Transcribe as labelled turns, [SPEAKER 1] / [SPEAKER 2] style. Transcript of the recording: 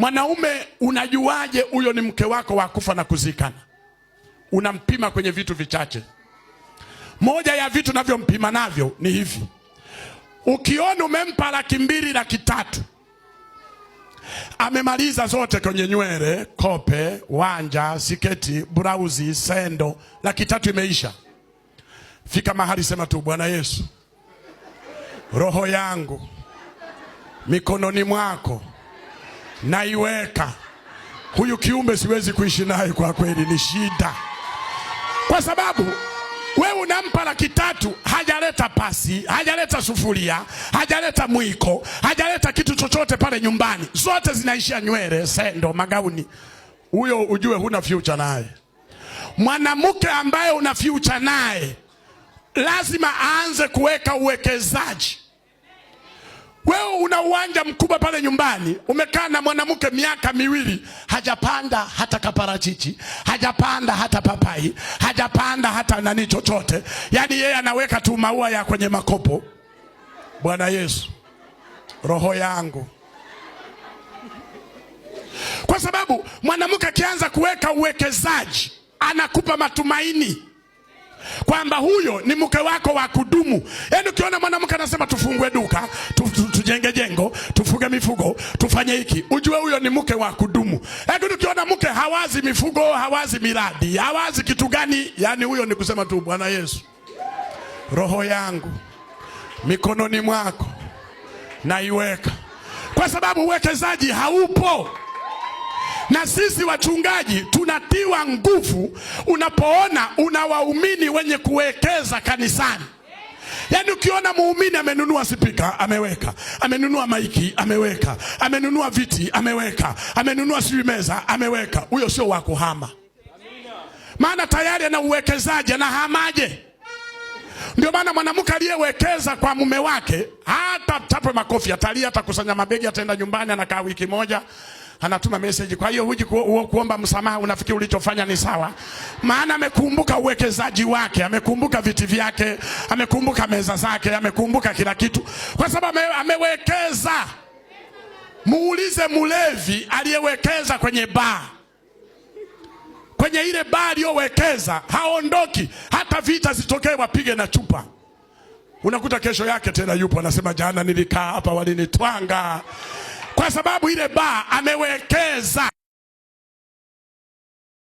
[SPEAKER 1] Mwanaume unajuaje huyo ni mke wako wa kufa na kuzikana? Unampima kwenye vitu vichache. Moja ya vitu navyompima navyo ni hivi: ukiona umempa laki mbili laki tatu amemaliza zote kwenye nywele, kope, wanja, siketi, brauzi, sendo, laki tatu imeisha. Fika mahali sema tu, Bwana Yesu, roho yangu mikononi mwako naiweka. Huyu kiumbe siwezi kuishi naye kwa kweli, ni shida, kwa sababu wewe unampa laki tatu, hajaleta pasi, hajaleta sufuria, hajaleta mwiko, hajaleta kitu chochote pale nyumbani, zote zinaishia nywele, sendo, magauni. Huyo ujue huna future naye. Mwanamke ambaye una future naye lazima aanze kuweka uwekezaji wewe una uwanja mkubwa pale nyumbani, umekaa na mwanamke miaka miwili, hajapanda hata kaparachichi, hajapanda hata papai, hajapanda hata nani chochote. Yaani yeye anaweka tu maua ya kwenye makopo. Bwana Yesu, roho yangu kwa sababu mwanamke akianza kuweka uwekezaji anakupa matumaini kwamba huyo ni mke wako wa kudumu. Yaani ukiona mwanamke anasema tufungue mifugo, tufanye hiki, ujue huyo ni mke wa kudumu. Lakini ukiona mke hawazi mifugo, hawazi miradi, hawazi kitu gani, yani huyo ni kusema tu Bwana Yesu, roho yangu mikononi mwako naiweka, kwa sababu uwekezaji haupo na sisi wachungaji tunatiwa nguvu unapoona una waumini wenye kuwekeza kanisani. Yaani ukiona muumini amenunua spika ameweka, amenunua maiki ameweka, amenunua viti ameweka, amenunua sijui meza ameweka, huyo sio wa kuhama, maana tayari ana uwekezaji, anahamaje? Ndio maana mwanamke aliyewekeza kwa mume wake hata tapwe makofi, atalia, atakusanya mabegi, ataenda nyumbani, anakaa wiki moja anatuma message. Kwa hiyo huji kuomba msamaha, unafikiri ulichofanya ni sawa? Maana amekumbuka uwekezaji wake, amekumbuka viti vyake, amekumbuka meza zake, amekumbuka kila kitu, kwa sababu amewekeza. Muulize mlevi aliyewekeza kwenye baa, kwenye ile baa aliyowekeza, haondoki hata vita zitokee, wapige na chupa unakuta kesho yake tena yupo anasema, jana nilikaa hapa walinitwanga kwa sababu ile baa amewekeza